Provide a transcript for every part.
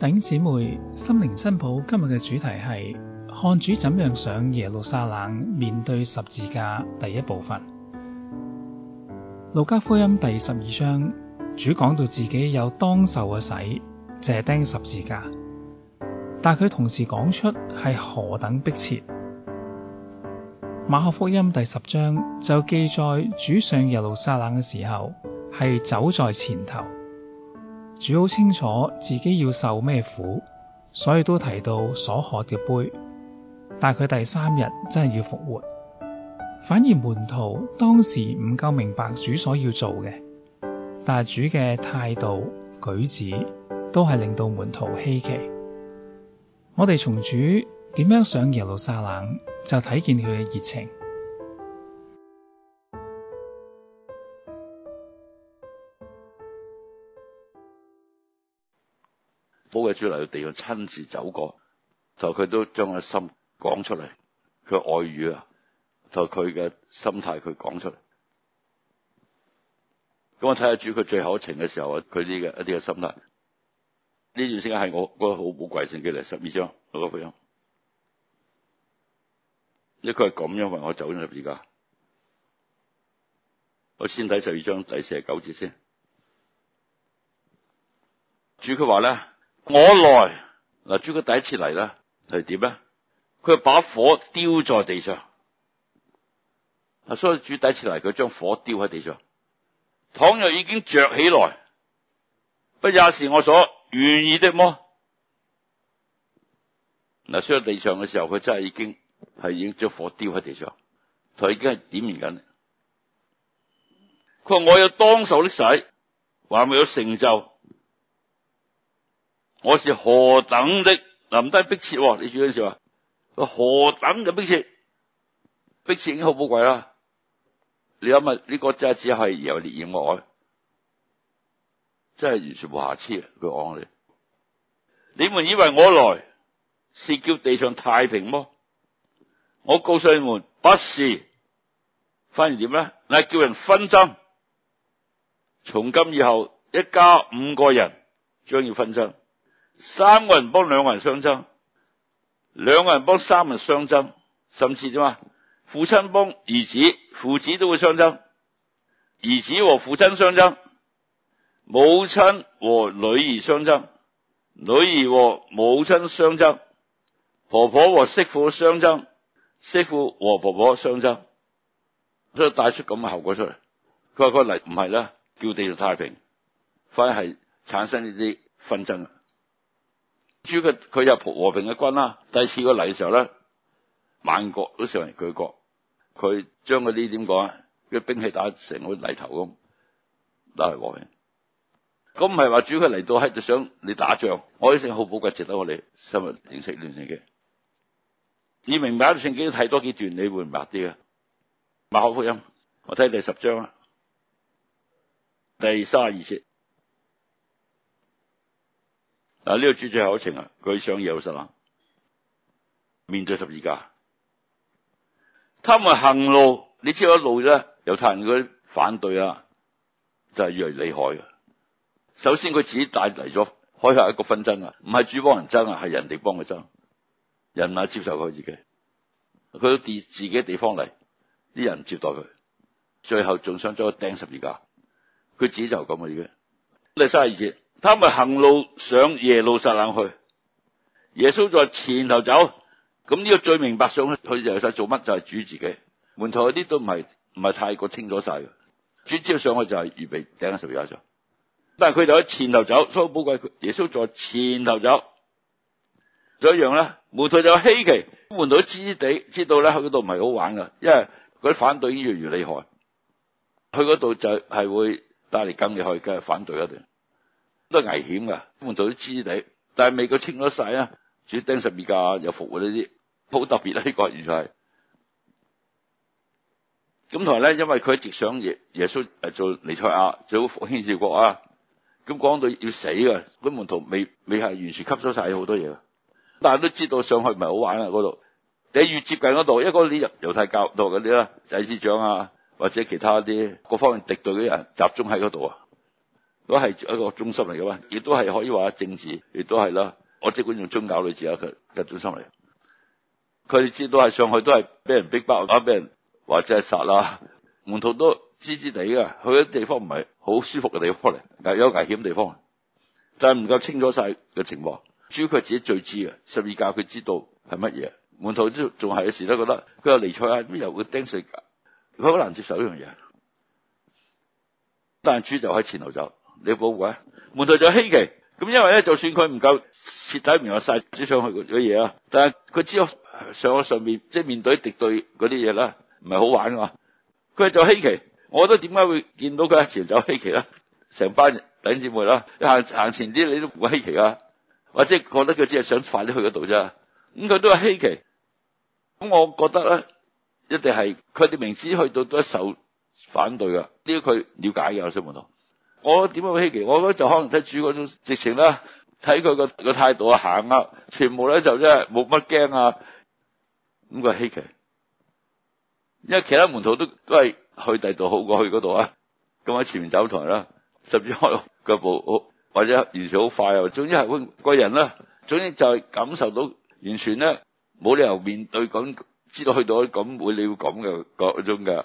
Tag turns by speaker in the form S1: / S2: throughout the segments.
S1: 頂姊妹，心靈珍寶今日嘅主題係看主怎樣上耶路撒冷，面對十字架，第一部分。路加福音第十二章，主講到自己有當受嘅洗，借釘十字架。但佢同時講出係何等迫切。馬可福音第十章就記載主上耶路撒冷嘅時候，係走在前頭。主好清楚自己要受咩苦，所以都提到所喝嘅杯。但係佢第三日真係要復活，反而門徒當時唔夠明白主所要做嘅。但係主嘅態度舉止都係令到門徒希奇。我哋從主點樣上耶路撒冷就睇見佢嘅熱情。主嚟個地方親自走過，就佢都將個心講出嚟，佢外語啊，就佢嘅心態佢講出嚟。咁我睇下主佢最後一程嘅時候，佢呢嘅一啲嘅心態呢段時間係我,我覺得好寶貴性嘅嚟。十二章，我個福音，因為佢係咁樣話，我走咗十字架。我先睇十二章第四十九節先，主佢話咧。我來嗱，主古第一次嚟啦，係點咧？佢把火丟在地上，嗱，所以主第一次嚟，佢將火丟喺地上。倘若已經着起來，不也是我所願意的麼？嗱，所以在地上嘅時候，佢真係已經係已經將火丟喺地上，佢已經係點燃緊。佢話我有當受的洗，話未有成就。我是何等的臨低逼切，你住嗰陣時話何等嘅逼切，逼切已經好寶貴啦。你諗下呢、這個真係只係由列以外，真係完全冇瑕疵啊。佢講你，你們以為我來是叫地上太平麼？我告訴你們，不是，反而點呢？嗱，叫人紛爭，從今以後一家五個人將要紛爭。三個人幫兩個人相爭，兩個人幫三人相爭，甚至點啊？父親幫兒子，父子都會相爭；兒子和父親相爭，母親和女兒相爭，女兒和母親相爭，婆婆和媳婦相爭，媳婦和婆婆相爭，所以帶出咁嘅後果出嚟。佢話：佢嚟唔係啦，叫地度太平，反而係產生呢啲紛爭主嘅佢又和平嘅軍啦，第二次個禮嘅時候咧，萬國都上嚟佢嘅國，佢將嗰啲點講啊，嘅兵器打成好似泥頭咁，打嚟和平。咁唔係話主佢嚟到喺就想你打仗，我啲聖經好寶貴，值得我哋深入認識嚟嘅。你明白一段聖經睇多幾段你會明白啲嘅。馬可福音我睇第十章啊，第卅二節。啊！呢個主最後情，啊，佢上耶路撒冷啦，面對十字架。他們行路，你知道一路咧猶太人嗰啲反對啊，就係、是、越嚟越厲害。首先佢自己帶嚟咗海下一個紛爭啊，唔係主幫人爭啊，係人哋幫佢爭，人啊接受佢自己，佢地自己的地方嚟，啲人接待佢，最後仲想咗釘十字架，佢自己就咁嘅已你嚟三十二節。他咪行路上耶路撒冷去，耶穌在前頭走，咁呢個最明白上去就係佢做乜就係、是、主自己門徒嗰啲都唔係唔係太過清楚晒嘅，主要上去就係預備頂十字架。但係佢就喺前頭走，所以寶貴耶穌在前頭走。就一樣咧，門徒就稀奇，門徒知知地知道咧去嗰度唔係好玩噶，因為佢反對已經越嚟越厲害，去嗰度就係會帶嚟更厲害嘅反對一定。都危險噶，門徒都知你。但係未夠清咗晒啊，仲有釘十字架又復活呢啲，好特別啊呢個完全係。咁同埋咧，因為佢一直想耶耶穌誒做尼賽亞，做復興子國啊。咁講到要死嘅，佢門徒未未係完全吸收晒好多嘢。但係都知道上去唔係好玩啊嗰度，你越接近嗰度，因為嗰啲入猶太教徒嗰啲啦，祭司長啊，或者其他啲各方面敵對嘅人集中喺嗰度啊。都係一個中心嚟嘅，亦都係可以話政治，亦都係啦。我即管用宗教嚟指下佢嘅中心嚟。佢知道係上去都係俾人逼迫啊，俾人或者係殺啦。門徒都知知地嘅，去嘅地方唔係好舒服嘅地方嚟，有危險地方。但係唔夠清楚晒嘅情況，主佢自己最知嘅。十二教佢知道係乜嘢，門徒都仲係有時都覺得佢有離棄啊，又會釘死佢，佢好難接受呢樣嘢。但係主就喺前頭走。你要保護啊？門徒就稀奇，咁因為咧，就算佢唔夠徹底明白晒，只上去啲嘢啊，但係佢知道上上面，即係面對敵對嗰啲嘢啦，唔係好玩噶。佢就稀奇，我覺得點解會見到佢前就走稀奇啦？成班弟兄姊妹啦，行行前啲你都唔稀奇啊，或者覺得佢只係想快啲去嗰度啫。咁佢都係稀奇。咁我覺得咧，一定係佢哋明知去到都受反對噶。呢個佢了解嘅。我想問到。我點解稀奇？我覺得就可能睇主嗰種直情啦，睇佢個態度啊行啊，全部咧就真係冇乜驚啊。咁、那、佢、個、稀奇，因為其他門徒都都係去第度好過去嗰度啊。咁喺前面走台啦，甚至開腳步好，或者完全好快啊。總之係個人啦，總之就係感受到完全咧冇理由面對咁知道去到咁會你要咁嘅嗰種嘅，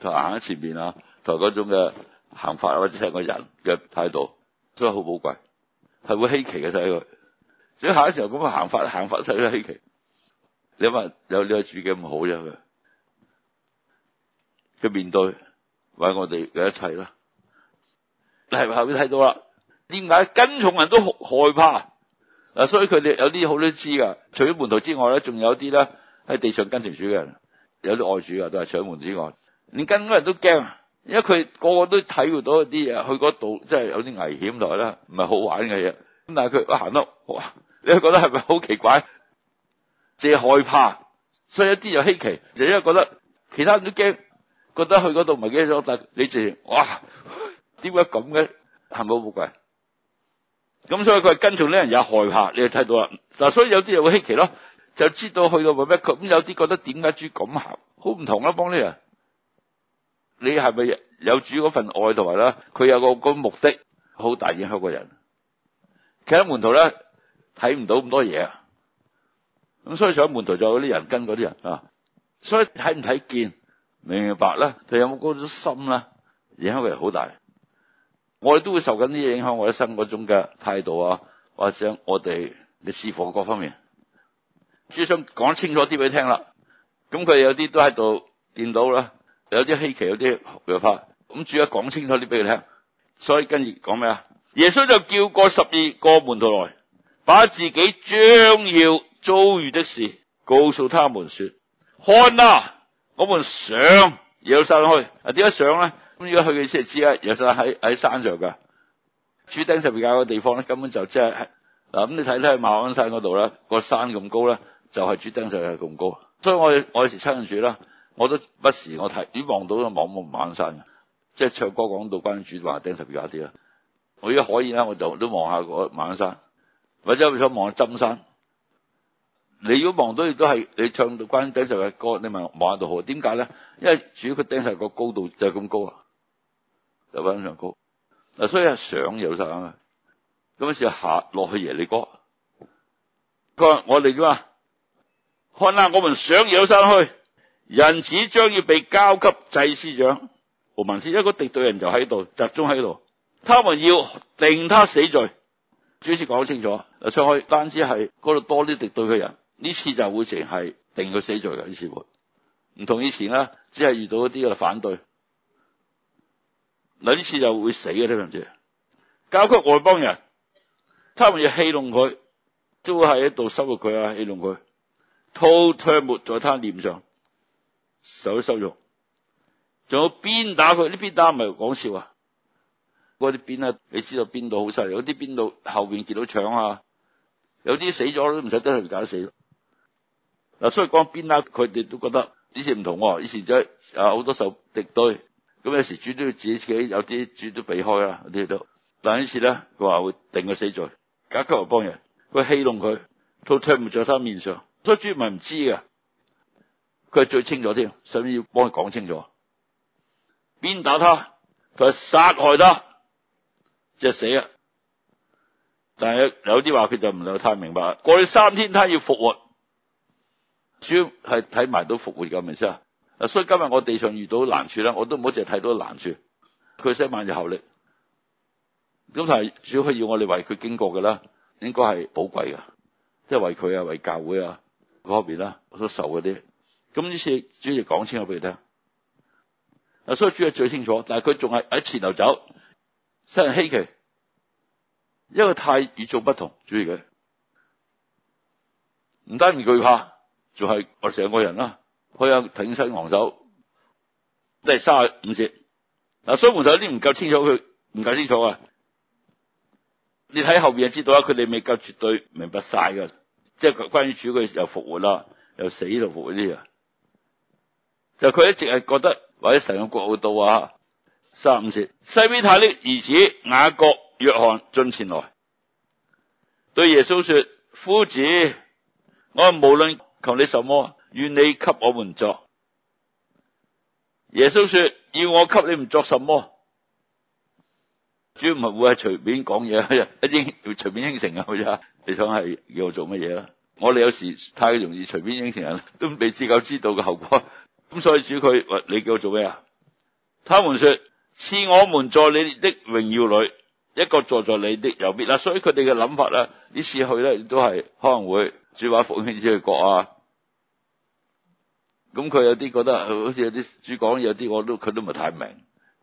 S1: 就行喺前面啊，同埋嗰種嘅。行法或者係個人嘅態度，都係好寶貴，係會希奇嘅。睇佢，所以下一時候咁樣行法，行法真係希奇。你話有呢位主嘅咁好啫，佢嘅面對為我哋嘅一切啦。你係咪後邊睇到啦，點解跟從人都好害怕？嗱，所以佢哋有啲好多知噶。除咗門徒之外咧，仲有啲咧喺地上跟從主嘅人，有啲外主嘅都係搶門徒之外，之外連跟嗰人都驚。因為佢個個都體會到一啲嘢，去嗰度真係有啲危險嚟啦，唔係好玩嘅嘢。咁但係佢行得哇，你覺得係咪好奇怪？淨係害怕，所以一啲又稀奇，你就因為覺得其他人都驚，覺得去嗰度唔係幾得，但係你淨哇，點解咁嘅行係咪好貴？咁所以佢係跟住呢人有害怕，你就睇到啦。嗱，所以有啲又會稀奇咯，就知道去到為咩咁。有啲覺得點解豬咁行，好唔同啊，幫呢人。你係咪有主嗰份愛，同埋咧佢有個個目的，好大影響個人。企喺門徒咧睇唔到咁多嘢啊，咁所以上喺門徒就嗰啲人跟嗰啲人啊，所以睇唔睇見，明唔明白咧？佢有冇嗰種心咧？影響佢好大。我哋都會受緊啲影響，我一生嗰種嘅態度啊，或者我哋你事奉各方面。主想講清楚啲俾你聽啦。咁佢有啲都喺度見到啦。有啲稀奇，有啲害怕。咁主要講清楚啲俾佢聽。所以跟住講咩啊？耶穌就叫過十二個門徒來，把自己將要遭遇的事告訴他們說：看啊，我們上耶路撒冷去。啊，點解上咧？咁而家去嘅意思係知啦，耶穌喺喺山上噶。主釘十字架嘅地方咧，根本就即係嗱，咁你睇睇馬鞍山嗰度啦，個山咁高咧，就係、是、主釘十字架咁高。所以我我有時親住啦。我都不時我睇，如果望到都望望馬鞍山，即係唱歌講到關於主話釘十架啲啦。我如果可以啦，我就都望下個馬鞍山，或者我想望下針山。你如果望到亦都係你唱到關於釘十架嘅歌，你咪望下度好？點解咧？因為主要佢釘十架個高度就咁高啊，就非常高。嗱，所以上有山啊，咁於是下落去耶利哥，佢話我哋叫嘛，看啦，我們上有山去。人子將要被交給祭司長、和文士，一、那個敵對人就喺度集中喺度，他們要定他死罪。主次講清楚，上去單止係度多啲敵對嘅人，呢次就會成係定佢死罪嘅呢次會，唔同以前啦，只係遇到一啲嘅反對。嗱呢次就會死嘅呢份子，交給外邦人，他們要戲弄佢，都喺度羞辱佢啊，戲弄佢，吐唾沫在他臉上。受咗羞辱，仲有鞭打佢呢，鞭打唔係講笑啊！嗰啲鞭啊，你知道鞭到好犀利，有啲鞭到後邊見到搶啊，有啲死咗都唔使真係假死。嗱，所以講鞭打佢哋都覺得以前唔同，以前就係啊好多手敵對，咁有時主都要自己有啲主都避開啦，啲都。但係呢次咧，佢話會定個死罪，交俾外邦人，佢戲弄佢，套踢唔在他面上，所以主唔係唔知嘅。佢係最清楚添，甚至要幫佢講清楚。鞭打他？佢係殺害他，即係死啦。但係有啲話佢就唔太明白了。過去三天，他要復活，主要係睇埋到復活嘅咪先。啊。所以今日我地上遇到難處咧，我都唔好淨係睇到難處。佢寫萬字效力咁，但係主要係要我哋為佢經過嘅啦，應該係寶貴嘅，即係為佢啊、為教會啊嗰方面啦，所受嗰啲。咁呢次主要講清楚俾你聽。嗱，所以主係最清楚，但係佢仲係喺前頭走，真係稀奇，因為太與眾不同。主嘅唔單唔懼怕，仲係成個人啦，佢有挺身昂首，即係三十五折。嗱，所以門徒啲唔夠清楚，佢唔夠清楚啊。你睇後面就知道啦，佢哋未夠絕對明白曬㗎。即係關於主嘅又復活啦，又死又復活呢啲啊。就佢一直係覺得或者成個國好到啊三五次。西庇太啲兒子雅各、約翰進前來對耶穌說：，夫子，我無論求你什麼，願你給我們作。耶穌說：，要我給你們作什麼，主要唔係會係隨便講嘢，一 要隨便應承啊。佢就你想係要做乜嘢啦？我哋有時太容易隨便應承人，都未至夠知道嘅後果。咁所以主佢，喂，你叫我做咩啊？他們說，賜我們在你的榮耀裡，一個坐在你的右邊啦。所以佢哋嘅諗法咧，呢次去咧都係可能會主話復興之國啊。咁佢有啲覺得，好似有啲主講有啲我都佢都唔係太明，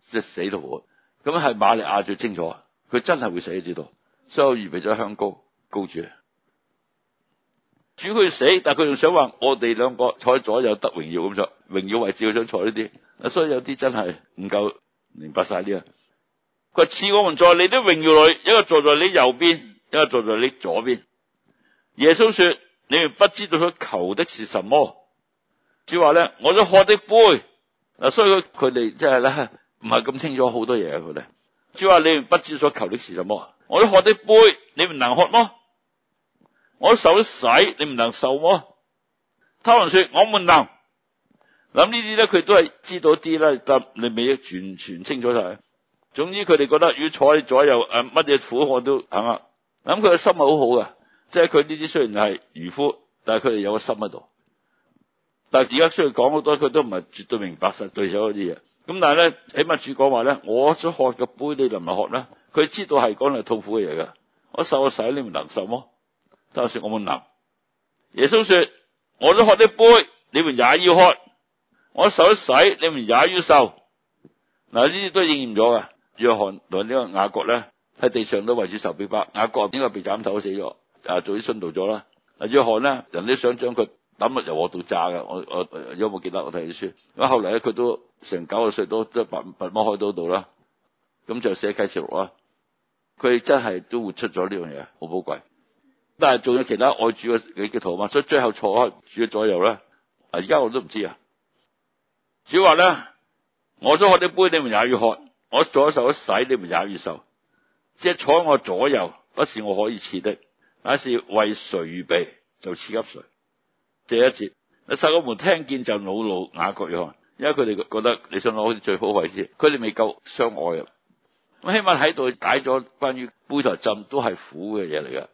S1: 即係死到我。咁係瑪利亞最清楚，佢真係會死喺呢度，所以我預備咗香膏膏主。主佢死，但係佢仲想話我哋兩個坐喺左右得榮耀咁榮耀位置，我想坐呢啲，所以有啲真係唔夠明白晒啲啊。佢賜我們在你的榮耀裡，一個坐在你右邊，一個坐在你左邊。耶穌說：你不知道所求的是什麼。主話咧：我所喝的杯。嗱，所以佢哋即係咧，唔係咁清楚好多嘢啊！佢哋主話：你不知所求的是什麼？我所喝的杯，你唔能喝麼？我所受的洗，你唔能受麼？他們說：我們能。諗呢啲咧，佢都係知道啲啦，但你未全全清楚晒。總之佢哋覺得要坐喺左右，誒乜嘢苦我都肯。諗佢嘅心係好好嘅，即係佢呢啲雖然係漁夫，但係佢哋有個心喺度。但係而家雖然講好多，佢都唔係絕對明白實對手啲嘢。咁但係咧，起碼主講話咧，我所喝嘅杯，你能唔能喝咧？佢知道係講係痛苦嘅嘢噶，我受嘅洗，你唔能受麼？但係說我冇能，耶穌說我都喝啲杯，你們也要喝。我受一洗，你唔也要受嗱？呢啲都應驗咗㗎。約翰同呢個雅各咧，喺地上都為主受逼迫。雅各點解被斬頭死咗？啊，做啲殉道咗啦。啊，約翰咧，人哋想將佢抌落油鍋度炸噶。我我有冇記得？我睇啲書咁。後嚟咧，佢都成九個歲都都拔拔摩海島度啦。咁就寫啟示錄啦。佢真係都活出咗呢樣嘢，好寶貴。但係仲有其他愛主嘅嘅門徒嘛，所以最後坐喺主嘅左右呢。啊，而家我都唔知啊。主話咧，我所喝的杯你們也要喝，我所受的洗你們也要受。即係坐喺我左右，不是我可以賜的，乃是為誰預備就賜給誰。這一次，那十個門聽見就惱怒，雅各約翰，因為佢哋覺得你想攞好似最好位置，佢哋未夠相愛啊。咁起碼喺度解咗關於杯頭浸都係苦嘅嘢嚟噶。